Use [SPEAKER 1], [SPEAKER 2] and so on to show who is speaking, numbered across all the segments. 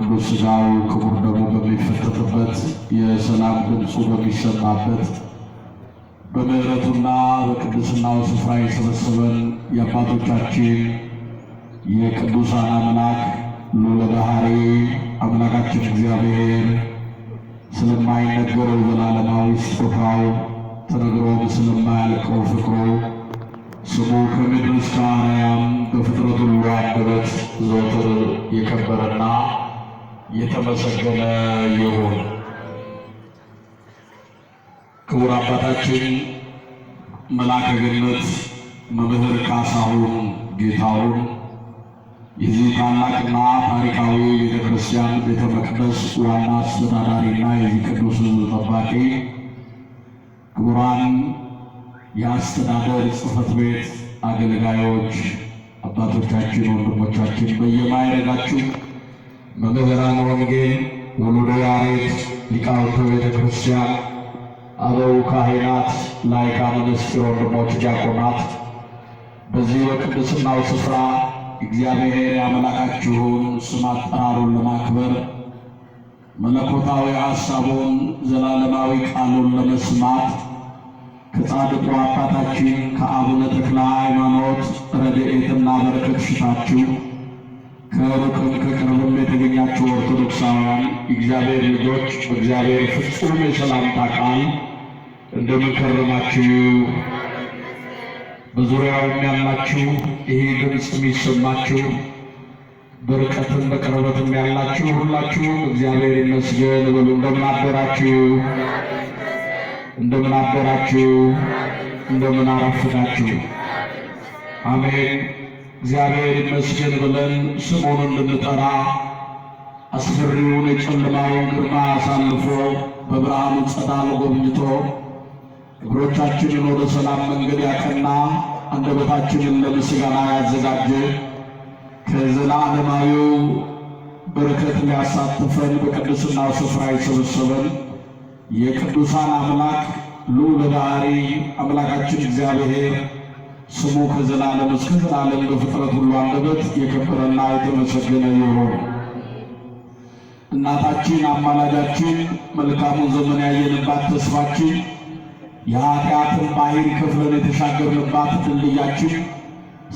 [SPEAKER 1] ቅዱስ ሥጋው ክቡር ደግሞ በሚፈተትበት የሰላም ድምፁ በሚሰማበት በምሕረቱና በቅድስናው ስፍራ የሰበሰበን የአባቶቻችን የቅዱሳን አምላክ ልዑለ ባሕሪ አምላካችን እግዚአብሔር ስለማይነገረው ዘላለማዊ ስጦታው ተነግሮም ስለማያልቀው ፍቅሩ ስሙ ከምድር እስከ ሰማያት በፍጥረት ሁሉ አንደበት ዘወትር የከበረና የተመሰገነ ይሁን። ክቡር አባታችን መልአከ ገነት መምህር ካሳሁን ጌታሁን የዚህ ታላቅና ታሪካዊ ቤተ ክርስቲያን ቤተ መቅደስ ዋና አስተዳዳሪና የዚህ ቅዱስ ጠባቂ፣ ክቡራን የአስተዳደር ጽሕፈት ቤት አገልጋዮች፣ አባቶቻችን፣ ወንድሞቻችን በየማይረጋችሁ መምህራን ወንጌል ወሉደ ያሬድ ሊቃውንተ ቤተ ክርስቲያን አበው ካህናት፣ ላይካ ሚኒስትር፣ ወንድሞች ዲያቆናት፣ በዚህ በቅድስናው ስፍራ እግዚአብሔር ያመላካችሁን ስም አጠራሩን ለማክበር መለኮታዊ ሐሳቡን ዘላለማዊ ቃሉን ለመስማት ከጻድቁ አባታችን ከአቡነ ተክለ ሃይማኖት ረድኤትና በረከት ሽታችሁ ከወርቁም ከቅርብም የተገኛችሁ ኦርቶዶክሳውያን እግዚአብሔር ልጆች እግዚአብሔር ፍጹም የሰላምታ ቃል እንደምንከረማችሁ በዙሪያውም ያላችሁ ይህ ድምፅ የሚሰማችሁ በርቀትም በቅርበትም ያላችሁ ሁላችሁ እግዚአብሔር ይመስገን በሉ። እንደምናበራችሁ እንደምናበራችሁ እንደምናረፍዳችሁ አሜን። እግዚአብሔር ይመስገን ብለን ስሙኑን ልንጠራ አስፈሪውን የጨለማውን ግርማ አሳልፎ በብርሃኑ ጸዳል ጎብኝቶ እግሮቻችንን ወደ ሰላም መንገድ ያቀና አንደበታችንን ለምስጋና ያዘጋጀ ከዘላለማዊው በረከት ሊያሳትፈን በቅድስናው ስፍራ የሰበሰበን የቅዱሳን አምላክ ልዑለ ባሕሪ አምላካችን እግዚአብሔር ስሙ ከዘላለም እስከ ዘላለም በፍጥረት ሁሉ አንደበት የከበረና የተመሰገነ ይሁን። እናታችን አማላጃችን፣ መልካሙን ዘመን ያየንባት ተስፋችን፣ የኃጢአትን ባህር ከፍለን የተሻገርንባት ድልድያችን፣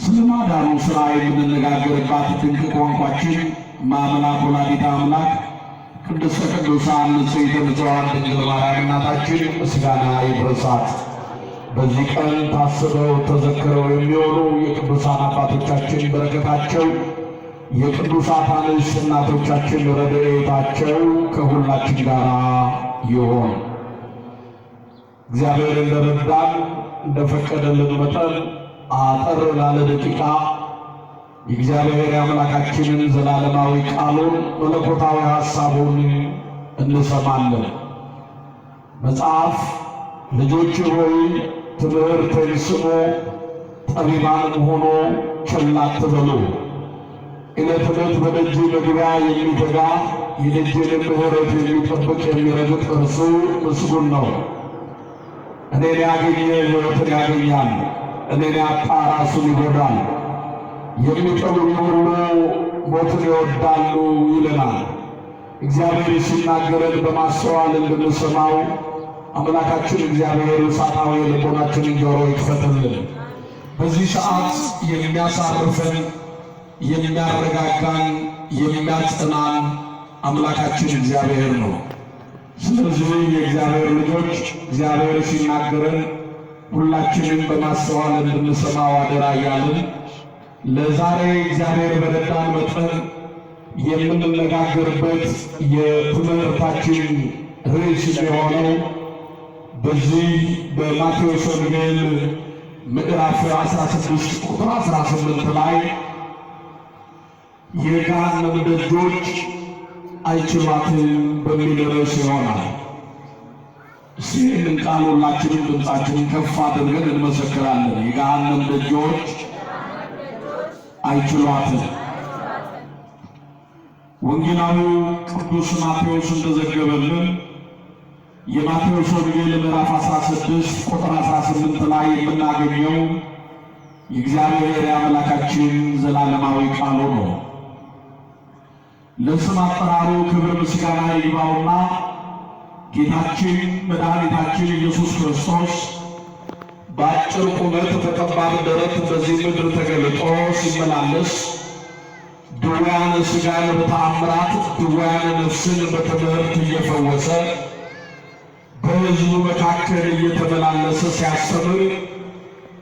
[SPEAKER 1] ስለማዳኑ ሥራ የምንነጋገርባት ድንቅ ቋንቋችን ማምላክ ወላዲተ አምላክ ቅድስተ ቅዱሳን ንጽሕተ ንጹሐን ድንግል ማርያም እናታችን ምስጋና ይድረሳት። በዚህ ቀን ታስበው ተዘክረው የሚሆኑ የቅዱሳን አባቶቻችን በረከታቸው የቅዱሳት አንስት እናቶቻችን ረድኤታቸው ከሁላችን ጋር ይሆን። እግዚአብሔር እንደረዳን እንደፈቀደልን መጠን አጠር ላለ ደቂቃ የእግዚአብሔር አምላካችንን ዘላለማዊ ቃሉን መለኮታዊ ሐሳቡን እንሰማለን። መጽሐፍ ልጆች ሆይ ትምህርት ስሙ፣ ጠቢባን ሆኖ ችላ አትበሉ። እለት እለት በደጅ መግቢያ የሚተጋ የደጅንም ምሕረት የሚጠብቅ የሚረግጥ እርሱ ምስጉን ነው። እኔን ያገኘ ሕይወትን ያገኛል፣ እኔን ያጣ ራሱን ይጎዳል። የሚጠሉኝ ሁሉ ሞትን ይወዳሉ ይለናል። እግዚአብሔር ሲናገረን በማስተዋል እንድንሰማው አምላካችን እግዚአብሔር ፋታዊ የልቦናችን ጆሮ ይክፈትልን። በዚህ ሰዓት የሚያሳርፈን የሚያረጋጋን የሚያጽናን አምላካችን እግዚአብሔር ነው። ስለዚህ የእግዚአብሔር ልጆች እግዚአብሔር ሲናገረን ሁላችንም በማስተዋል እንድንሰማው አደራ እያልን ለዛሬ እግዚአብሔር በረዳን መጠን የምንነጋገርበት የትምህርታችን ርዕስ የሆነው በዚህ በማቴዎስ ወንጌል ምዕራፍ 16 ቁጥር 18 ላይ የገሃነም ደጆች አይችሏትም በሚል ርዕስ ይሆናል። እስቲ ይህንን ቃል ሁላችንም ድምፃችንን ከፍ አድርገን እንመሰክራለን። የገሃነም ደጆች አይችሏትም። ወንጌላዊው ቅዱስ ማቴዎስ እንደዘገበልን የማቴዎስ ወንጌል ምዕራፍ 16 ቁጥር 18 ላይ የምናገኘው የእግዚአብሔር አምላካችን ዘላለማዊ ቃሉ ነው። ለስም አጠራሩ ክብር ምስጋና ይግባውና ጌታችን መድኃኒታችን ኢየሱስ ክርስቶስ በአጭር ቁመት በጠባብ ደረት በዚህ ምድር ተገልጦ ሲመላለስ ድውያን ሥጋን በተአምራት ድውያን ነፍስን በትምህርት እየፈወሰ በሕዝቡ መካከል እየተመላለሰ ሲያስተምር